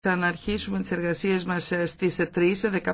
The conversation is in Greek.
Θα αναρχίσουμε τις εργασίες μας ε, στις 3,